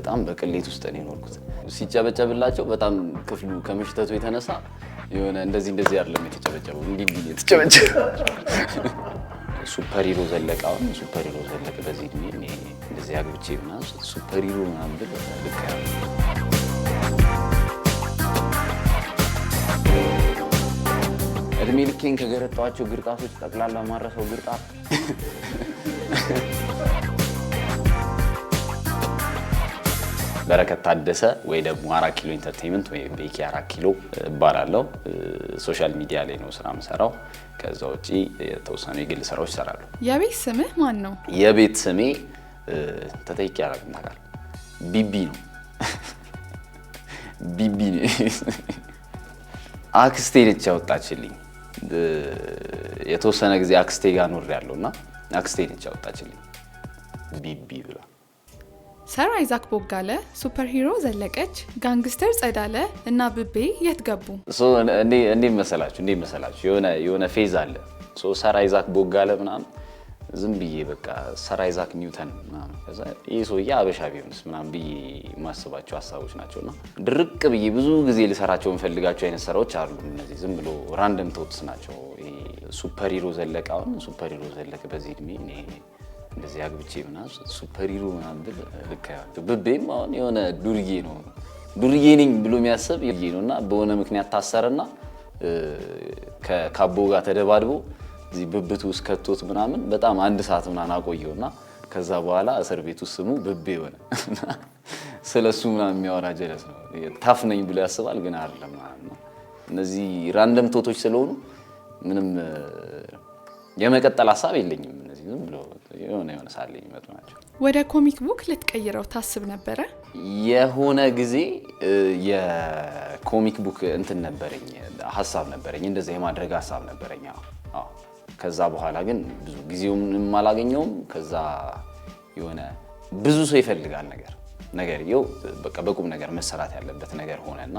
በጣም በቅሌት ውስጥ ነው የኖርኩት። ሲጨበጨብላቸው በጣም ክፍሉ ከመሽተቱ የተነሳ የሆነ እንደዚህ እንደዚህ አይደለም የተጨበጨበው፣ እንዲህ እንዲህ የተጨበጨበ ሱፐር ሂሮ ዘለቀ። አሁን ሱፐር ሂሮ ዘለቀ በዚህ እድሜ እንደዚህ አግብቼ ምናምን ሱፐር ሂሮ ምናምን ብል ልክ እድሜ ልኬን ከገረጠዋቸው ግርጣቶች ጠቅላላ ማረሰው ግርጣት በረከት ታደሰ ወይ ደግሞ አራት ኪሎ ኢንተርቴንመንት ወይ ቤኪ አራት ኪሎ እባላለሁ። ሶሻል ሚዲያ ላይ ነው ስራ ምሰራው። ከዛ ውጪ የተወሰኑ የግል ስራዎች ይሰራሉ። የቤት ስምህ ማን ነው? የቤት ስሜ ተጠይቄ አላውቅም። ታውቃለህ፣ ቢቢ ነው ቢቢ ነው። አክስቴ ነች ያወጣችልኝ። የተወሰነ ጊዜ አክስቴ ጋር ኖሬያለሁ እና አክስቴ ነች ያወጣችልኝ ቢቢ ብላ ሰር አይዛክ ቦጋለ፣ ሱፐር ሂሮ ዘለቀች፣ ጋንግስተር ጸዳለ እና ብቤ የት ገቡ? እንዴት መሰላችሁ መሰላችሁ የሆነ ፌዝ አለ። ሰር አይዛክ ቦጋለ ምናምን ዝም ብዬ በቃ ሰር አይዛክ ኒውተን ይህ ሰውዬ አበሻ ቢሆንስ ምናምን ብዬ የማስባቸው ሀሳቦች ናቸውና ድርቅ ብዬ ብዙ ጊዜ ልሰራቸው የምፈልጋቸው አይነት ስራዎች አሉ። እነዚህ ዝም ብሎ ራንደም ቶትስ ናቸው። ሱፐር ሂሮ ዘለቀ አሁን ሱፐር ሂሮ ዘለቀ በዚህ እድሜ እንደዚህ አግብቼ ምናምን ሱፐር ሂሮ ምናምን ብል ልክ ብቤም አሁን የሆነ ዱርዬ ነው ዱርዬ ነኝ ብሎ የሚያስብ ነው እና በሆነ ምክንያት ታሰረና ከካቦ ጋር ተደባድቦ እዚህ ብብቱ ውስጥ ከቶት ምናምን በጣም አንድ ሰዓት ምናምን አቆየው እና ከዛ በኋላ እስር ቤቱ ስሙ ብቤ ሆነ። ስለ እሱ ምናምን የሚያወራ ጀለስ ነው። ታፍ ነኝ ብሎ ያስባል ግን አይደለም ማለት ነው። እነዚህ ራንደም ቶቶች ስለሆኑ ምንም የመቀጠል ሀሳብ የለኝም። ዝም ብሎ የሆነ የሆነ ሳለ የሚመጡ ናቸው። ወደ ኮሚክ ቡክ ልትቀይረው ታስብ ነበረ? የሆነ ጊዜ የኮሚክ ቡክ እንትን ነበረኝ ሀሳብ ነበረኝ፣ እንደዚ የማድረግ ሀሳብ ነበረኝ። ከዛ በኋላ ግን ብዙ ጊዜውም አላገኘውም። ከዛ የሆነ ብዙ ሰው ይፈልጋል ነገር ነገር በቃ በቁም ነገር መሰራት ያለበት ነገር እና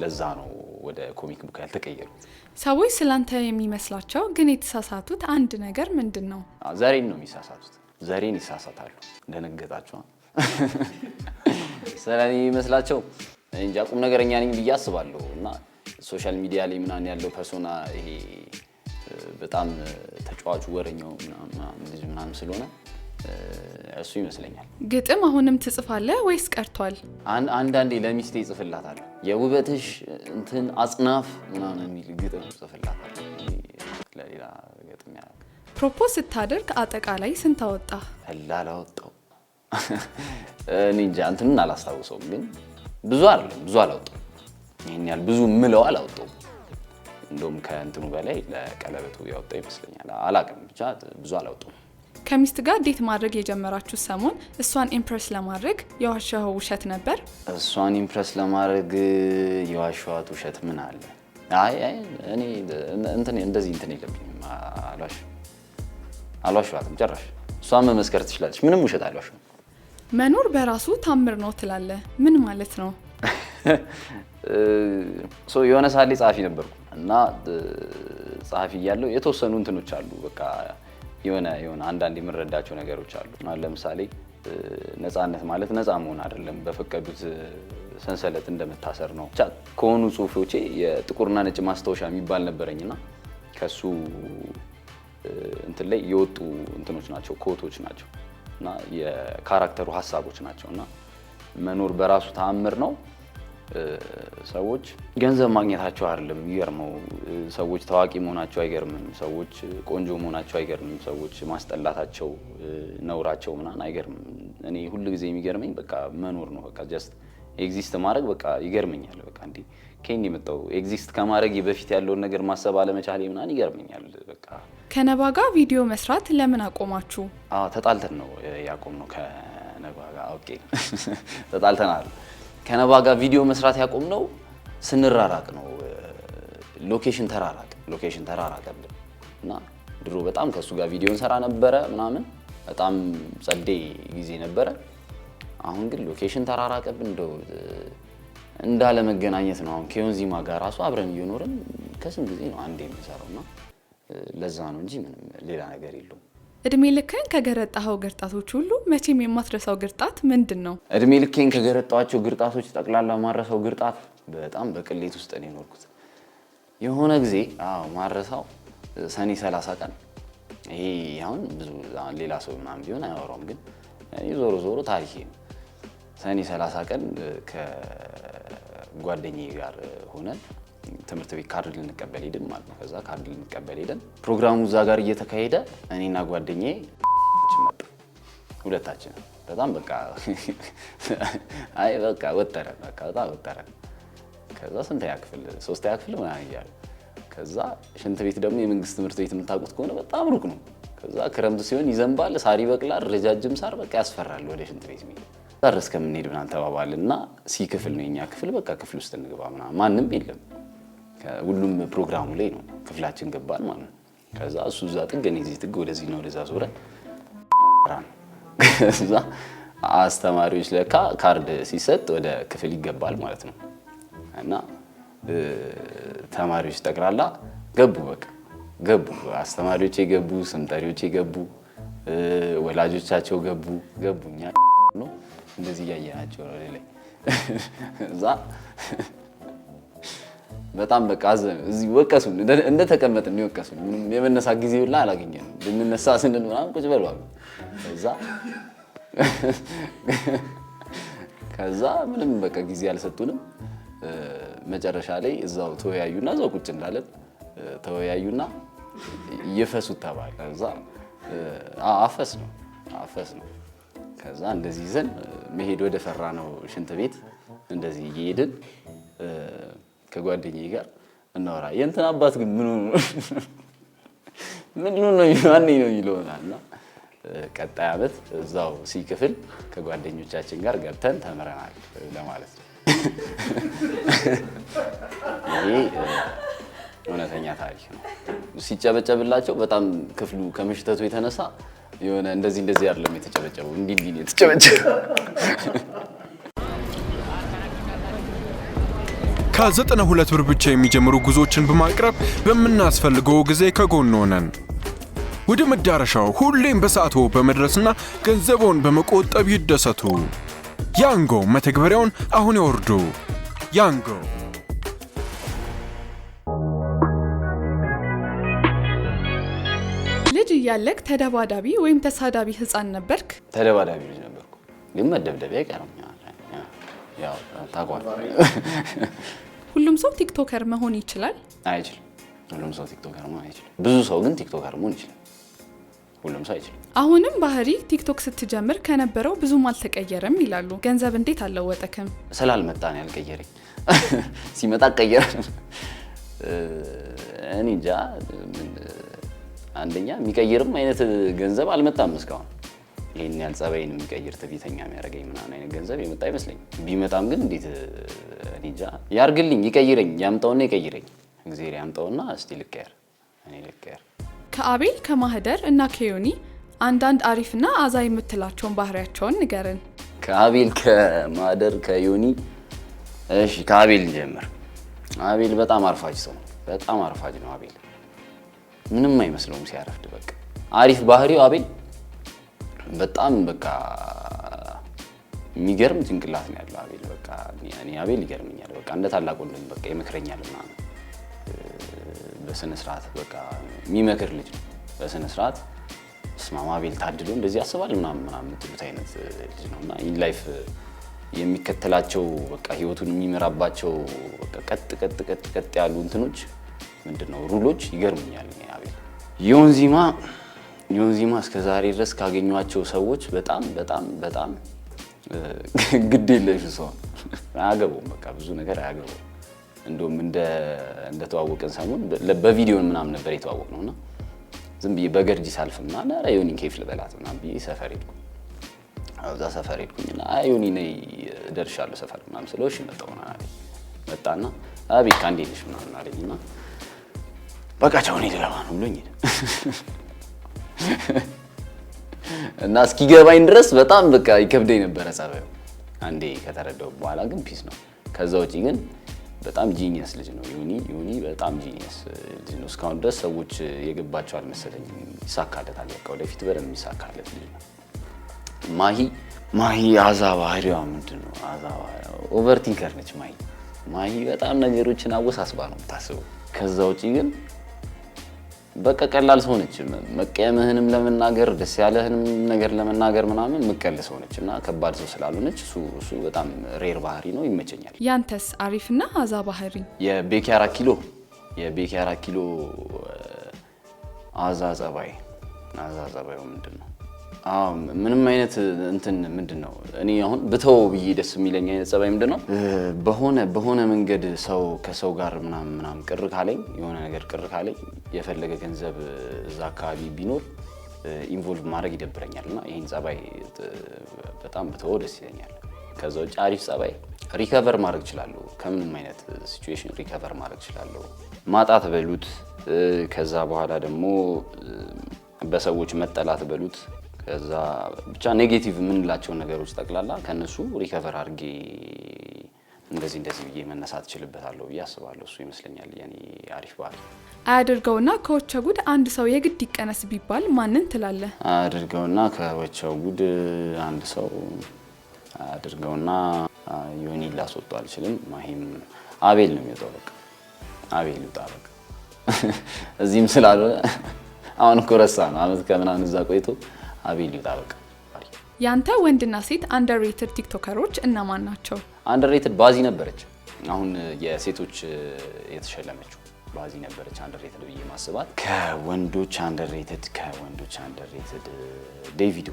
ለዛ ነው ወደ ኮሚክ ቡክ ያልተቀየሩ። ሰዎች ስላንተ የሚመስላቸው ግን የተሳሳቱት አንድ ነገር ምንድን ነው? ዘሬን ነው የሚሳሳቱት። ዘሬን ይሳሳታሉ። እንደነገጣቸው ስለ የሚመስላቸው እንጃ። ቁም ነገረኛ ነኝ ብዬ አስባለሁ እና ሶሻል ሚዲያ ላይ ምናምን ያለው ፐርሶና ይሄ በጣም ተጫዋቹ ወረኛው ምናምን ስለሆነ እሱ ይመስለኛል። ግጥም አሁንም ትጽፋለህ ወይስ ቀርቷል? አንዳንዴ ለሚስቴ እጽፍላታለሁ። የውበትሽ እንትን አጽናፍ ምናምን የሚል ግጥም እጽፍላታለሁ። ለሌላ ግጥም ያ ፕሮፖዝ ስታደርግ አጠቃላይ ስንት አወጣ? ቀላል አወጣው። እኔ እንጃ እንትኑን አላስታውሰውም፣ ግን ብዙ አይደለም ብዙ አላወጣው። ይህን ያህል ብዙ ምለው አላወጣው። እንደውም ከእንትኑ በላይ ለቀለበቱ ያወጣው ይመስለኛል። አላቅም ብቻ ብዙ አላወጣው። ከሚስት ጋር ዴት ማድረግ የጀመራችሁ ሰሞን እሷን ኢምፕሬስ ለማድረግ የዋሸኸው ውሸት ነበር? እሷን ኢምፕሬስ ለማድረግ የዋሸኋት ውሸት ምን አለ? አይ እኔ እንትን እንደዚህ እንትን የለብኝም። አሏሽ አሏሽዋትም ጨራሽ። እሷን መመስከር ትችላለች። ምንም ውሸት አሏሽ። መኖር በራሱ ታምር ነው ትላለ። ምን ማለት ነው? የሆነ ሳሌ ጸሐፊ ነበርኩ እና ጸሐፊ እያለሁ የተወሰኑ እንትኖች አሉ በቃ የሆነ የሆነ አንዳንድ የምንረዳቸው ነገሮች አሉ። ለምሳሌ ነፃነት ማለት ነፃ መሆን አይደለም፣ በፈቀዱት ሰንሰለት እንደመታሰር ነው። ብቻ ከሆኑ ጽሁፎቼ የጥቁርና ነጭ ማስታወሻ የሚባል ነበረኝና ከሱ እንትን ላይ የወጡ እንትኖች ናቸው፣ ኮቶች ናቸው እና የካራክተሩ ሀሳቦች ናቸው እና መኖር በራሱ ተአምር ነው። ሰዎች ገንዘብ ማግኘታቸው አይደለም የሚገርመው። ሰዎች ታዋቂ መሆናቸው አይገርምም። ሰዎች ቆንጆ መሆናቸው አይገርምም። ሰዎች ማስጠላታቸው፣ ነውራቸው ምናምን አይገርምም። እኔ ሁል ጊዜ የሚገርመኝ በቃ መኖር ነው። በቃ ጀስት ኤግዚስት ማድረግ በቃ ይገርመኛል። በቃ እንዲ ከኔ የመጣው ኤግዚስት ከማድረግ በፊት ያለውን ነገር ማሰብ አለመቻሌ ምናምን ይገርመኛል። በቃ ከነባ ጋር ቪዲዮ መስራት ለምን አቆማችሁ? ተጣልተን ነው ያቆም ነው ከነባ ጋር ኦኬ፣ ተጣልተናል ከነባ ጋር ቪዲዮ መስራት ያቆም ነው ስንራራቅ ነው። ሎኬሽን ተራራቅ ሎኬሽን ተራራቀብን እና ድሮ በጣም ከእሱ ጋር ቪዲዮ እንሰራ ነበረ ምናምን በጣም ጸዴ ጊዜ ነበረ። አሁን ግን ሎኬሽን ተራራቀብን። እንደው መገናኘት ነው። አሁን ከዮንዚማ ጋር ራሱ አብረን እየኖርን ከስንት ጊዜ ነው አንዴ የምንሰራው እና ለዛ ነው እንጂ ምንም ሌላ ነገር የለውም። እድሜ ልክን ከገረጣኸው ግርጣቶች ሁሉ መቼም የማትረሳው ግርጣት ምንድን ነው? እድሜ ልክህን ከገረጣቸው ግርጣቶች ጠቅላላ ማረሳው ግርጣት በጣም በቅሌት ውስጥ ነው የኖርኩት። የሆነ ጊዜ ማረሳው ሰኔ 30 ቀን ይሄ አሁን ብዙ ሌላ ሰው ምናምን ቢሆን አያወራውም፣ ግን ዞሮ ዞሮ ታሪክ ነው። ሰኔ 30 ቀን ከጓደኛ ጋር ሆነን ትምህርት ቤት ካርድ ልንቀበል ሄድን ማለት ነው። ከዛ ካርድ ልንቀበል ሄደን ፕሮግራሙ እዛ ጋር እየተካሄደ እኔና ጓደኛዬ መጣ ሁለታችን በጣም በቃ አይ በቃ ወጠረን በቃ በጣም ወጠረን። ከዛ ስንተኛ ክፍል ሶስተኛ ክፍል ምናምን እያሉ ከዛ ሽንት ቤት ደግሞ የመንግስት ትምህርት ቤት የምታውቁት ከሆነ በጣም ሩቅ ነው። ከዛ ክረምት ሲሆን ይዘንባል፣ ሳር ይበቅላል፣ ረጃጅም ሳር በቃ ያስፈራል። ወደ ሽንት ቤት ዛ ድረስ ከምንሄድ ምናምን ተባባል እና ሲ ክፍል ነው የኛ ክፍል በቃ ክፍል ውስጥ እንግባ ምናምን ማንም የለም ሁሉም ፕሮግራሙ ላይ ነው። ክፍላችን ገባል ማለት ነው። ከዛ እሱ እዛ ጥግ፣ እኔ እዚህ ጥግ፣ ወደዚህ ነው ወደዛ ዞረ። ከዛ አስተማሪዎች ለካ ካርድ ሲሰጥ ወደ ክፍል ይገባል ማለት ነው። እና ተማሪዎች ጠቅላላ ገቡ፣ በቃ ገቡ። አስተማሪዎች የገቡ ስምጠሪዎች የገቡ ወላጆቻቸው ገቡ ገቡ። እኛ ነው እንደዚህ እያየናቸው ነው። እዛ በጣም በቃ እዚህ ወቀሱን እንደተቀመጥን ይወቀሱን። ምንም የመነሳ ጊዜ ብላ አላገኘንም። ልንነሳ ስንል ምናምን ቁጭ በሉ አሉ። ከዛ ከዛ ምንም በቃ ጊዜ አልሰጡንም። መጨረሻ ላይ እዛው ተወያዩና እዛው ቁጭ እንዳለን ተወያዩና እየፈሱት ተባለ። ከዛ አፈስ ነው አፈስ ነው። ከዛ እንደዚህ ይዘን መሄድ ወደ ፈራ ነው ሽንት ቤት እንደዚህ እየሄድን ከጓደኛ ጋር እናወራ የእንትን አባት ግን ምኑ ሆኖ ምን ሆኖ ነው ማነኝ ነው የሚለው ቀጣይ ዓመት እዛው ሲክፍል ከጓደኞቻችን ጋር ገብተን ተምረናል ለማለት ነው። ይህ እውነተኛ ታሪክ ነው። ሲጨበጨብላቸው በጣም ክፍሉ ከመሽተቱ የተነሳ የሆነ እንደዚህ እንደዚህ አይደለም የተጨበጨበው እንዲህ እንዲህ የተጨበጨበው ከ92 ብር ብቻ የሚጀምሩ ጉዞዎችን በማቅረብ በምናስፈልገው ጊዜ ከጎን ሆነን ወደ መዳረሻው ሁሌም በሰዓቱ በመድረስና ገንዘቡን በመቆጠብ ይደሰቱ። ያንጎ መተግበሪያውን አሁን ያወርዱ። ያንጎ ልጅ እያለክ ተደባዳቢ ወይም ተሳዳቢ ህፃን ነበርክ? ተደባዳቢ ልጅ ነበርኩ፣ ግን መደብደቤ አይቀርም። ያው ታውቋል። ሁሉም ሰው ቲክቶከር መሆን ይችላል? አይችልም። ሁሉም ሰው ቲክቶከር መሆን አይችልም። ብዙ ሰው ግን ቲክቶከር መሆን ይችላል። ሁሉም ሰው አይችልም። አሁንም ባህሪ ቲክቶክ ስትጀምር ከነበረው ብዙም አልተቀየረም ይላሉ። ገንዘብ እንዴት አለወጠክም ስላልመጣ ነው ያልቀየረኝ። ሲመጣ ቀየረ። እኔ እንጃ። አንደኛ የሚቀይርም አይነት ገንዘብ አልመጣም እስካሁን ይሄን ያህል ጸባይን የሚቀይር ትዕቢተኛ የሚያደርገኝ ምናምን አይነት ገንዘብ የመጣ አይመስለኝም። ቢመጣም ግን እንዴት እኔ እንጃ፣ ያርግልኝ፣ ይቀይረኝ፣ ያምጣውና ይቀይረኝ። እግዚአብሔር ያምጣውና እስቲ ልቀየር፣ እኔ ልቀየር። ከአቤል ከማህደር እና ከዮኒ አንዳንድ አሪፍና አዛ የምትላቸውን ባህሪያቸውን ንገርን። ከአቤል ከማህደር ከዮኒ እሺ፣ ከአቤል ጀምር። አቤል በጣም አርፋጅ ሰው ነው። በጣም አርፋጅ ነው አቤል። ምንም አይመስለውም ሲያረፍድ። በቃ አሪፍ ባህሪው አቤል በጣም በቃ የሚገርም ጭንቅላት ነው ያለው አቤል። በቃ እኔ አቤል ይገርምኛል። በቃ እንደ ታላቅ ወንድም በቃ ይመክረኛል ምናምን በስነ ስርዓት በቃ የሚመክር ልጅ ነው። በስነ ስርዓት ስማማ አቤል ታድሎ እንደዚህ ያስባል ምናምን ምናምን የምትሉት አይነት ልጅ ነው እና ኢን ላይፍ የሚከተላቸው በቃ ህይወቱን የሚመራባቸው ቀጥ ቀጥ ቀጥ ቀጥ ያሉ እንትኖች ምንድን ነው ሩሎች ይገርሙኛል። አቤል የወንዚማ ጆን ዚማ እስከ ዛሬ ድረስ ካገኟቸው ሰዎች በጣም በጣም በጣም ግድ የለሽ ሰው አያገባውም። በቃ ብዙ ነገር አያገባውም። እንዲሁም እንደተዋወቅን ሰሞን በቪዲዮን ምናምን ነበር የተዋወቅ ነው እና ዝም ብዬ በገርጂ ሳልፍ ምናምን ኧረ ዮኒን ኬፍ ልበላት ምናምን ብዬ ሰፈር ሄድኩ። እዛ ሰፈር ሄድኩኝና ዮኒ ነይ እደርሻለሁ ሰፈር ምናምን ስለው እሺ መጣሁ ምናምን መጣና አቤካ እንዴት ነሽ ምናምን አለኝ እና በቃ ቻው እኔ ልገባ ነው ብሎኝ ሄደ። እና እስኪገባኝ ድረስ በጣም በቃ ይከብደኝ ነበረ ጸባዩ። አንዴ ከተረዳው በኋላ ግን ፒስ ነው። ከዛ ውጪ ግን በጣም ጂኒየስ ልጅ ነው ዩኒ ዩኒ በጣም ጂኒየስ ልጅ ነው። እስካሁን ድረስ ሰዎች የገባቸው አልመሰለኝም። ይሳካለታል፣ በቃ ወደፊት በደንብ የሚሳካለት ልጅ ነው። ማሂ ማሂ አዛ ባህሪዋ ምንድን ነው? አዛ ኦቨርቲንከር ነች ማሂ። ማሂ በጣም ነገሮችን አወሳስባ ነው የምታስበው። ከዛ ውጪ ግን በቃ ቀላል ሰው ነች። መቀየምህንም ለመናገር ደስ ያለህንም ነገር ለመናገር ምናምን ምቀል ሰው ነች እና ከባድ ሰው ስላልሆነች እሱ በጣም ሬር ባህሪ ነው፣ ይመቸኛል። ያንተስ አሪፍና አዛ ባህሪ የቤኪ አራት ኪሎ የቤኪ አራት ኪሎ አዛ ጸባይ አዛ ጸባዩ ምንድን ነው? ምንም አይነት እንትን ምንድን ነው እኔ አሁን ብተው ብዬ ደስ የሚለኝ አይነት ጸባይ ምንድን ነው በሆነ በሆነ መንገድ ሰው ከሰው ጋር ምናምን ምናምን ቅር ካለኝ የሆነ ነገር ቅር ካለኝ የፈለገ ገንዘብ እዛ አካባቢ ቢኖር ኢንቮልቭ ማድረግ ይደብረኛል እና ይህን ጸባይ በጣም ብተው ደስ ይለኛል። ከዛ ውጭ አሪፍ ጸባይ ሪከቨር ማድረግ እችላለሁ። ከምንም አይነት ሲዌሽን ሪከቨር ማድረግ እችላለሁ። ማጣት በሉት፣ ከዛ በኋላ ደግሞ በሰዎች መጠላት በሉት ከዛ ብቻ ኔጌቲቭ የምንላቸውን ነገሮች ጠቅላላ ከእነሱ ሪከቨር አድርጌ እንደዚህ እንደዚህ ብዬ መነሳት እችልበታለሁ ብዬ አስባለሁ። እሱ ይመስለኛል የኔ አሪፍ ባህል። አያድርገውና ከወቸ ጉድ አንድ ሰው የግድ ይቀነስ ቢባል ማንን ትላለ? አያድርገውና ከወቸ ጉድ አንድ ሰው አያድርገውና ዮኒ ላስወጡ አልችልም። ማሂም አቤል ነው የሚወጣው። በቃ አቤል ይውጣ በቃ እዚህም ስላለ አሁን እኮ ረሳ ነው አመት ከምናምን እዛ ቆይቶ አቤል ይውጣ በቃ። ያንተ ወንድና ሴት አንደርሬትድ ቲክቶከሮች እነማን ናቸው? አንደርሬትድ ባዚ ነበረች። አሁን የሴቶች የተሸለመችው ባዚ ነበረች አንደርሬትድ ብዬ ማስባት። ከወንዶች አንደርሬትድ ከወንዶች አንደርሬትድ ዴቪዶ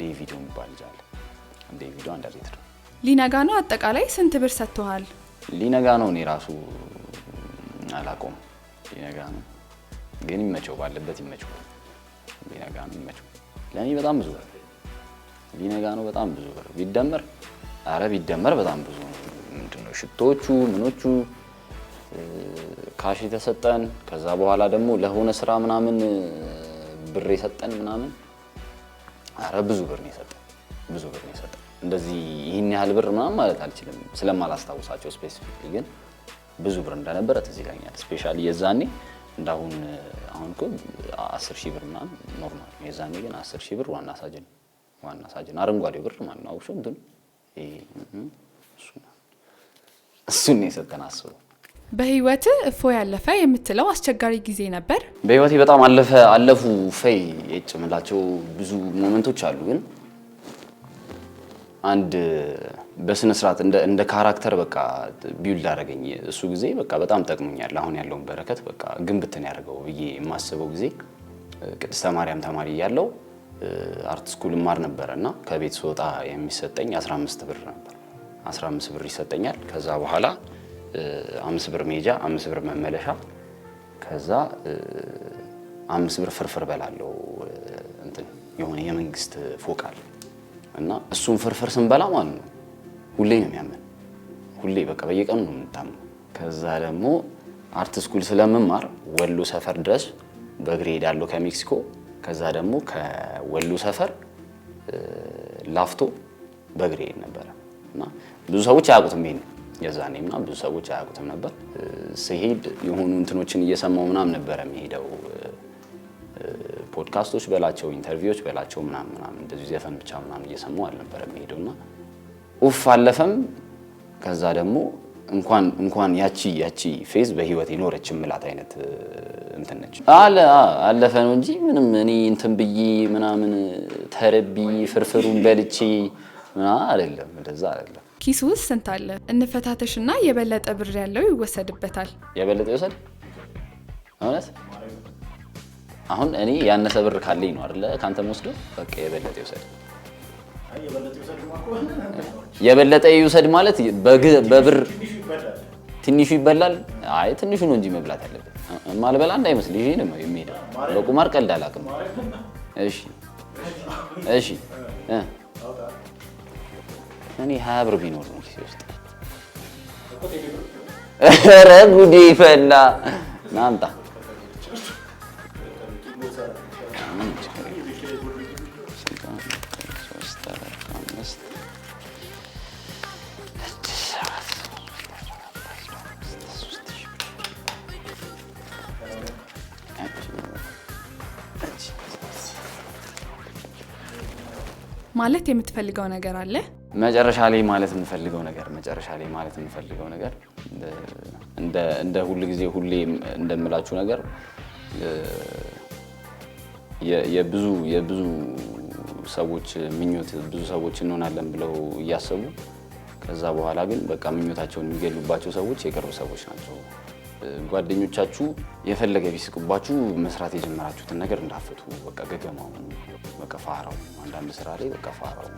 ዴቪዶ የሚባል ልጅ አለ። ዴቪዶ አንደርሬትድ። ሊነጋ ነው አጠቃላይ ስንት ብር ሰጥተዋል? ሊነጋ ነው እኔ ራሱ አላቆም። ሊነጋ ነው ግን ይመቸው፣ ባለበት ይመቸው። ሊነጋ ነው ይመቸው። ለእኔ በጣም ብዙ ብር፣ ቢነጋ ነው። በጣም ብዙ ብር ቢደመር፣ አረ ቢደመር በጣም ብዙ ምንድን ነው ሽቶቹ፣ ምኖቹ ካሽ የተሰጠን ከዛ በኋላ ደግሞ ለሆነ ስራ ምናምን ብር የሰጠን ምናምን፣ አረ ብዙ ብር ነው የሰጠን፣ ብዙ ብር ነው የሰጠን። እንደዚህ ይህን ያህል ብር ምናምን ማለት አልችልም ስለማላስታውሳቸው ስፔሲፊክ ግን ብዙ ብር እንደነበረ ትዝ ይለኛል። ስፔሻሊ የዛኔ እንዳሁን አሁን እኮ አስር ሺህ ብር ምናምን ኖርማል ነው። የዛኔ ግን አስር ሺህ ብር ዋና ሳጅን ዋና ሳጅን አረንጓዴ ብር ማለት ነው። አውሹ እንትን እሱን የሰጠን አስቡ። በህይወት እፎ ያለፈ የምትለው አስቸጋሪ ጊዜ ነበር። በህይወቴ በጣም አለፈ አለፉ ፈይ የጭምላቸው ብዙ ሞመንቶች አሉ ግን አንድ በስነ ስርዓት እንደ ካራክተር በቃ ቢውልድ አደረገኝ። እሱ ጊዜ በቃ በጣም ጠቅሞኛል። አሁን ያለውን በረከት በቃ ግንብትን ያደርገው ብዬ የማስበው ጊዜ ቅድስተ ማርያም ተማሪ እያለሁ አርት ስኩል ማር ነበረ እና ከቤት ስወጣ የሚሰጠኝ 15 ብር ነበር። 15 ብር ይሰጠኛል። ከዛ በኋላ አምስት ብር መሄጃ፣ አምስት ብር መመለሻ፣ ከዛ አምስት ብር ፍርፍር በላለው እንትን የሆነ የመንግስት ፎቅ አለ እና እሱን ፍርፍር ስንበላ ማለት ነው ሁሌ ነው የሚያመን። ሁሌ በቃ በየቀኑ ነው የምታመው። ከዛ ደግሞ አርት ስኩል ስለምማር ወሎ ሰፈር ድረስ በእግሬ ሄዳለሁ ከሜክሲኮ። ከዛ ደግሞ ከወሎ ሰፈር ላፍቶ በእግሬ ሄድ ነበረ እና ብዙ ሰዎች አያውቁትም ይሄን የዛኔ ምናምን ብዙ ሰዎች አያውቁትም ነበር። ስሄድ የሆኑ እንትኖችን እየሰማው ምናም ነበረ የሚሄደው ፖድካስቶች በላቸው ኢንተርቪዎች በላቸው ምናም ምናም እንደዚህ ዘፈን ብቻ ምናም እየሰማው አልነበረ የሚሄደው እና ኡፍ አለፈም። ከዛ ደግሞ እንኳን እንኳን ያቺ ያቺ ፌዝ በህይወት የኖረች ምላት አይነት እንትን ነች አለ አለፈ ነው እንጂ ምንም እኔ እንትን ብዬ ምናምን ተርቢ ፍርፍሩን በልቼ አይደለም፣ እንደዛ አይደለም። ኪሱ ውስጥ ስንት አለ? እንፈታተሽና የበለጠ ብር ያለው ይወሰድበታል። የበለጠ ይወሰድ እውነት አሁን እኔ ያነሰ ብር ካለኝ ነው አለ ከአንተ መወስዶ በቃ የበለጠ ይወሰድ የበለጠ ይውሰድ ማለት በብር ትንሹ ይበላል። አይ ትንሹ ነው እንጂ መብላት ያለበት ማልበላ እንዳይመስል ይሄ ነው የሚሄደው። በቁማር ቀልድ አላውቅም። እሺ፣ እሺ። እኔ ሀያ ብር ቢኖር ነው ኪሴ ውስጥ። ኧረ ጉዴ ፈላ። ናምጣ ማለት የምትፈልገው ነገር አለ? መጨረሻ ላይ ማለት የምፈልገው ነገር መጨረሻ ላይ ማለት የምፈልገው ነገር እንደ ሁል ጊዜ ሁሌ እንደምላችሁ ነገር የብዙ የብዙ ሰዎች ምኞት ብዙ ሰዎች እንሆናለን ብለው እያሰቡ ከዛ በኋላ ግን በቃ ምኞታቸውን የሚገሉባቸው ሰዎች የቅርብ ሰዎች ናቸው። ጓደኞቻችሁ የፈለገ ቢስቅባችሁ መስራት የጀመራችሁትን ነገር እንዳፈቱ በቃ ገገማው በቃ ፋራው አንዳንድ ስራ ላይ በቃ ፋራው